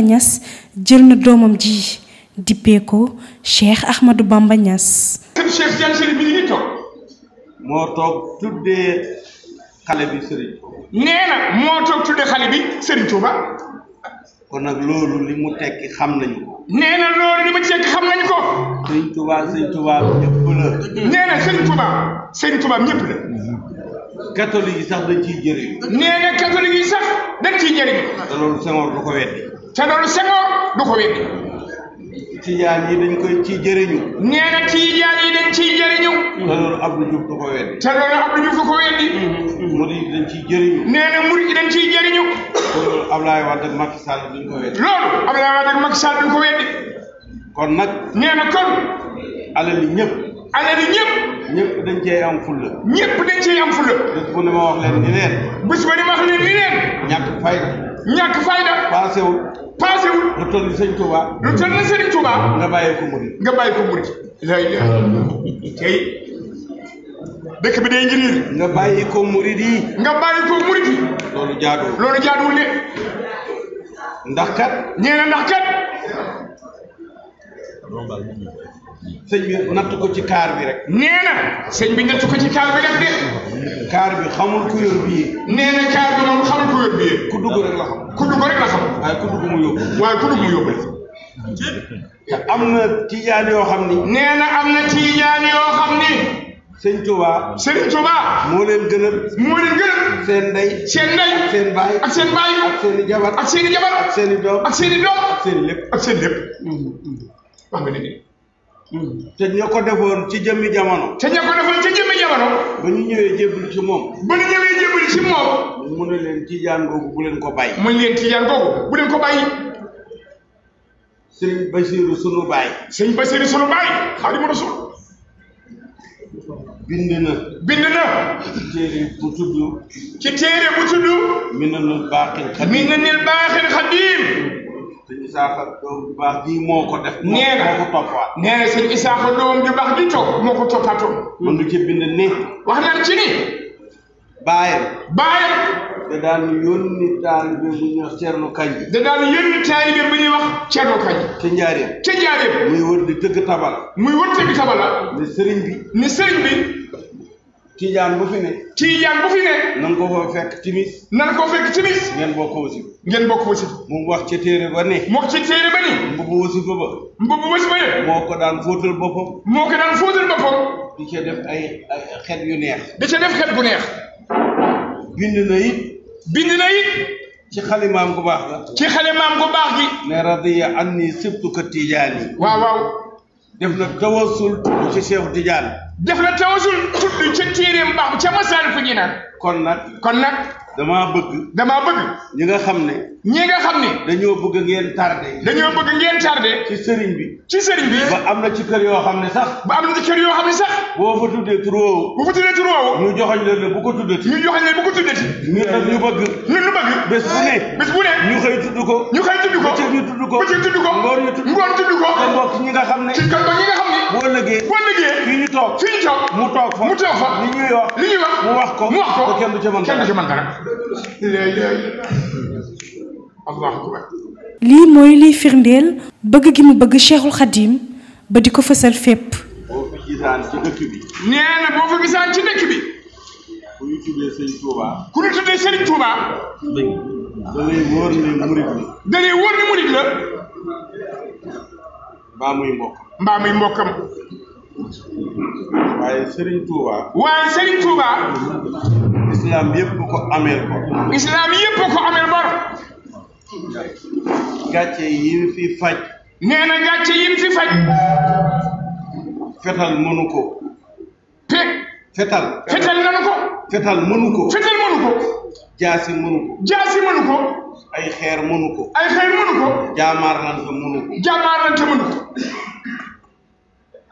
Niass jël na doomam ji dippee ko Cheikh Ahmadou Bamba Niass. loolu li mu tekki xam nañu ko. nee na loolu la. nee na Serigne Touba Serigne Touba ñëpp la. catholique yi sax dañ ciy jëriñ. nee na catholique yi sax dañ ciy jëriñ. te loolu Senghor du ko weddi. te loolu Senghor du ko weddi. tijaan yi dañ koy ci jëriñu. nee na tijaan yi dañ ciy jëriñu. te loolu Abdou Diouf du ko weddi. te loolu Abdou Diouf du ko weddi. Mm-hmm. murid dañ ciy jëriñu. nee na murid dañ ciy jëriñu. loolu Ablaye Wade ak Macky Sall duñ ko weddi. loolu Ablaye Wade ak Macky Sall duñ ko weddi. kon nag. nee na kon. alal yi ñëpp. alal yi ñëpp. ñëpp dañ cee am fulla. ñëpp dañ cee am fulla. bés bu ne ma wax leen ni leen. bés bu ne ma wax leen ni leen. ñàkk fayda. ñàkk fayda. paasewul. passé wul. lu bi day ngiriir. nga loolu jaaduwul. loolu jaaduwul ndax kat. ñeena ndax kat. sëñ bi natt ko ci kaar bi rek. nee na sëñ bi natt ko ci kaar bi rek de. kaar bi xamul ku yor bii. nee na kaar bi moom xamul ku yor bii. ku dugg rek la xam. ku dugg rek la xam. waaye ku dugg mu yóbbu. waaye ku dugg mu yóbbu. te am na tijaan yoo xam ni. nee na am na tijaan yoo xam ni. sëñ Touba. sëñ Touba. moo leen gënal. moo leen gënal. seen ndey. seen ndey. seen baay. ak seen baay. seen jabar. ak seen jabar. ak seen doom. ak seen doom. ak seen lépp. ak seen lépp. Mm-hmm. wax nga dëgg. te ña ko defoon ci jëmmi jamono. te ña ko defoon ci jëmmi jamono. ba ñu ñëwee jébbalu ci moom. ba ñu ñëwee jébbalu ci moom. mu ne leen tijaan googu bu leen ko bàyyi. mu ne leen tijaan googu bu leen ko bàyyi. sëñ Basiiru sunu baay. sëñ Basiiru sunu baay Xaadimu Rasuul. bind na. bind na. ci téere bu tudd. ci téere bu tudd. Minanul Baaxil Xadiim. Baaxil Xadiim. Isaaxa doom ju baax ji moo ko def. nee na moo ko toppaat. nee na sëñ Isaaxa doom ju baax ji toog moo ko toppatoo. mën du ci bind ni. wax na ci ni. baayam. baayam. da daan yónni taalibe bu ñuy wax Thierno Kandji. da daan yónni taalibe bu ñuy wax Thierno Kandji. ca Njaareem. ca Njaareem. muy wër di tëgg tabala. muy wër tëgg tabala. ni sëriñ bi. ni sëriñ bi. tiijaan bu fi ne tiijaan bu fi ne nan ko fa fekk timis nan ko fekk timis ngeen bokk wasif ngeen bokk wasif mu wax ca téere ba ne mu wax ca téere ba ni mbubu wasifa ba mbubu wasifa daan fóotal boppam moo ko daan fóotal yu neex di ca def xet bu neex bind na it bind na xale maam gu baax gi ne radiya anni sibtu ka tijaani waaw waaw def na tawasul ci Cheikh Tidiane def na tawasul tudd ca téeréem baax ca Masaalikul Jinaan kon nag kon nag damaa bëgg damaa bëgg ñi nga xam ne ñi nga xam ne dañoo bëgg ngeen tardé dañoo bëgg ngeen tardé ci sëriñ bi ci sëriñ bi ba am na ci kër yoo xam ne sax ba am na ci kër yoo xam ne sax boo fa tuddee tur woowu bu fa tuddee tur woowu ñu joxañ leen ne bu ko tuddati ñu joxañ leen bu ko tuddati ñun nag ñu bëgg ñun ñu bëgg bés bu ne bés bu ne ñu xëy tudd ko ñu xëy tudd ko bëccëg ñu tudd ko bëccëg tudd ko ngoon ñu tudd ko ngoon tudd ko te mbokk ñi nga xam ne boo lëggee boo lii mooy liy firndeel bëgg gi mu bëgg Cheikhul Khadim ba di ko fësal fépp nee na boo fi gisaan ci dëkk bi ku ñu tuddee Serigne Touba ku ñu tuddee Serigne la mbaa muy mbokkam. waaye Serigne Touba. waaye Serigne Touba. islam yëpp ko ameel bor. gàcce yi fi faj. nee na gàcce yi fi faj. fetal mënu ko. fetal. fetal ko. fetal mënu jaasi mënu jaasi mënu ay xeer mënu jaamaar nante ko. jaamaar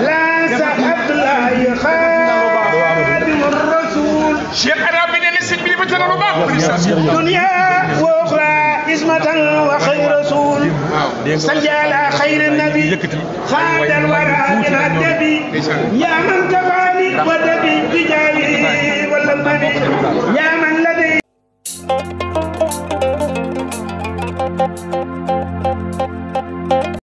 لا سأب لا خادم الرسول شيخنا بن نسيب بن ربا دنيا وأخرى إسمة وخير رسول صلى على خير النبي خاد الورى من الدبي يا من تفعل